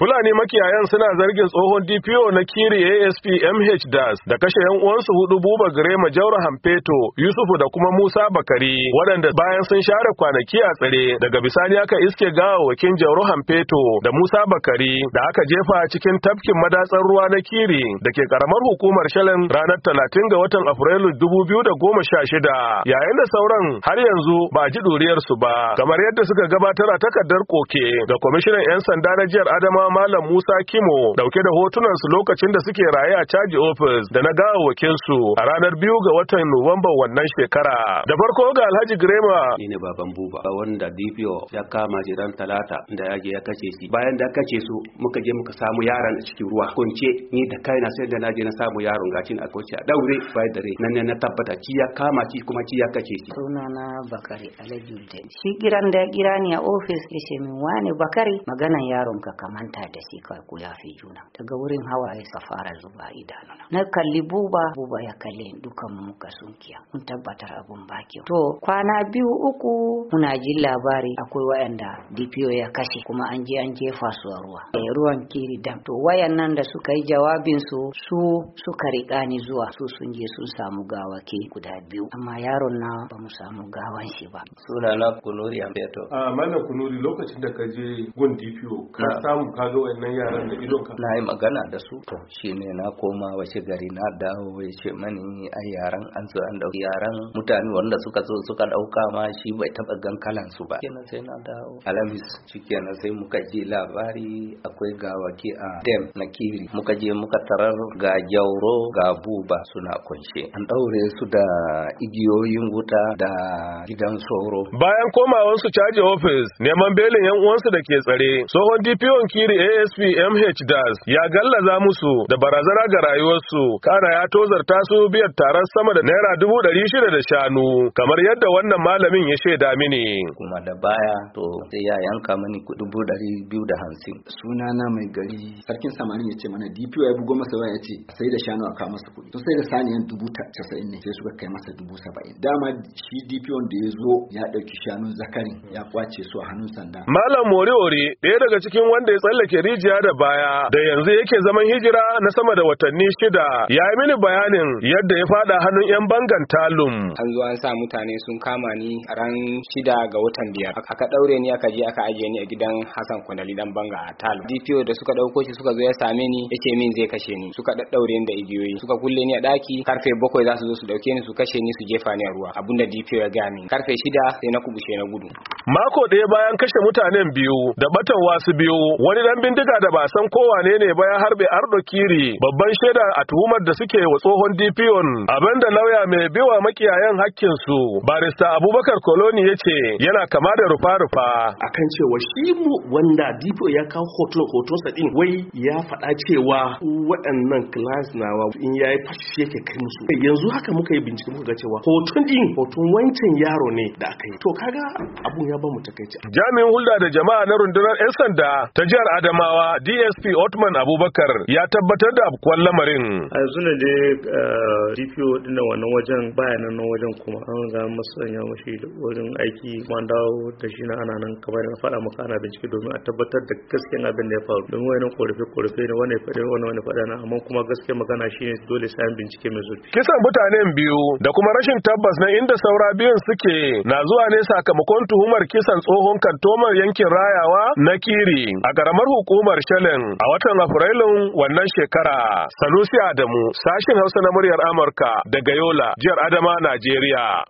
Fulani makiyayan suna zargin tsohon DPO na Kiri ASP MH Das da kashe yan uwansu hudu Buba Girema Jauro Hampeto, Yusufu da kuma Musa Bakari, waɗanda bayan sun share kwanaki a tsare daga bisani aka iske gawawakin Jauro Hampeto da Musa Bakari da aka jefa cikin tafkin madatsar ruwa na Kiri da ke karamar hukumar shalin ranar talatin ga watan Afrilu dubu biyu da goma sha shida, yayin da sauran har yanzu ba ji duriyarsu ba, kamar yadda suka gabatar a takardar koke ga kwamishinan 'yan sanda na jihar Adama kuma Malam Musa Kimo dauke da hotunan su lokacin da suke raye a caji ofis da na gawawakin su a ranar biyu ga watan Nuwamba wannan shekara. Da farko ga Alhaji Grema. Ni ne baban buba wanda DPO ya kama shi ran talata da ya ya kace shi. Bayan da kace su muka je muka samu yaran a cikin ruwa. Kunce ni da kaina sai da na na samu yaron gacin a kwace a daure bai dare. Nan na tabbata ci ya kama ci kuma ki ya kace shi. Sunana Bakari Alhaji Shi kiran da ya kira ni a ofis ya ce min wani Bakari maganan yaron ka kaman manta da shi ko ya yafe juna daga wurin hawa sa fara zuba idanuna na kalli buba buba ya kalle dukan mu ka sunkiya mun tabbatar abun baki to kwana biyu uku muna jin labari akwai wayanda DPO ya kashe kuma an je an jefa su a ruwa e, ruwan kiri dam to wayannan da suka yi jawabin su su suka rika ni zuwa su sun je sun samu gawake guda biyu amma yaron na ba mu samu gawan shi ba sunana kunuri ambeto a ah, mana kunuri lokacin da ka je gun DPO ka samu ka ga yaran da idon ka na yi magana da su to shine na koma washe gari na dawo ya ce mani a yaran an zo an dauki yaran mutane wanda suka zo suka dauka ma shi bai taba gan kalan su ba kenan sai na dawo alamis shikenan sai muka ji labari akwai gawaki a dem na kiri muka je muka tarar ga jauro ga buba suna kunshe an daure su da igiyoyin wuta da gidan sauro bayan komawansu caji ofis neman belin yan uwansu da ke tsare tsohon dpo kiri Alkali ASP MH Das ya gallaza musu da barazana ga rayuwarsu kana ya tozarta su biyar taron sama da naira dubu ɗari shida da shanu kamar yadda wannan malamin ya shaida mini. Kuma da baya to sai ya yanka mani dubu ɗari biyu da hamsin. Sunana mai gari sarkin samarin ya ce mana DPO ya bugo masa waya ya ce sai da shanu a kawo masa kuɗi. To sai da saniyan dubu casa'in ne sai suka kai masa dubu saba'in. Dama shi DPO da ya zo ya ɗauki shanun zakarin ya kwace su a hannun sanda. Malam Moriori ɗaya daga cikin wanda ya tsalle tsallake rijiya da baya da yanzu yake zaman hijira na sama da watanni shida ya yi mini bayanin yadda ya fada hannun yan bangan talum an zo an sa mutane sun kama ni a ran shida ga watan biyar aka daure ni aka je aka ajiye ni a gidan hassan kwanali dan banga a talum dpo da suka dauko shi suka zo ya same ni yace min zai kashe ni suka daddaure ni da igiyoyi suka kulle ni a daki karfe bakwai za su zo su dauke ni su kashe ni su jefa ni a ruwa abinda dpo ya gaya karfe shida sai na kubushe na gudu mako ɗaya bayan kashe mutanen biyu da batan wasu biyu wani dan bindiga da ba san ko wane ne ba ya harbe Ardo Kiri babban shaida a tuhumar da suke wa tsohon abin abinda lauya mai biwa makiyayen hakkin su barista Abubakar Koloni ya ce, yana kama da rufa rufa akan cewa shi mu wanda DPO ya kawo hoton hoton sa din wai ya faɗa cewa waɗannan class nawa in yayi fashi yake kai musu yanzu haka muka yi bincike muka ga cewa hoton din hoton wancan yaro ne da aka yi to kaga abun ya ba mu takaici jami'in hulɗa da jama'a na rundunar 'yan sanda ta jihar Adamawa DSP Otman Abubakar ya tabbatar da afkuwar lamarin. A yanzu ne dai DPO eh, din wannan wajen bayanan nan wajen kuma an ga masanya mashi wurin aiki man dawo da shi na ana nan kamar na faɗa maka ana bincike domin a tabbatar da gaskiyan abin da ya faru. Domin wani korafe korafe ne wani faɗi wani wani faɗa na amma kuma gaske magana shi ne dole sai an bincike mai zurfi. Kisan mutanen biyu da kuma rashin tabbas na inda saura biyun suke na zuwa ne sakamakon tuhumar kisan tsohon kantomar yankin rayawa na kiri a ƙaramar hukumar shalin a watan Afrilun wannan shekara. Sanusi Adamu, sashin Hausa na muryar Amurka daga Yola, jihar Adama, Najeriya.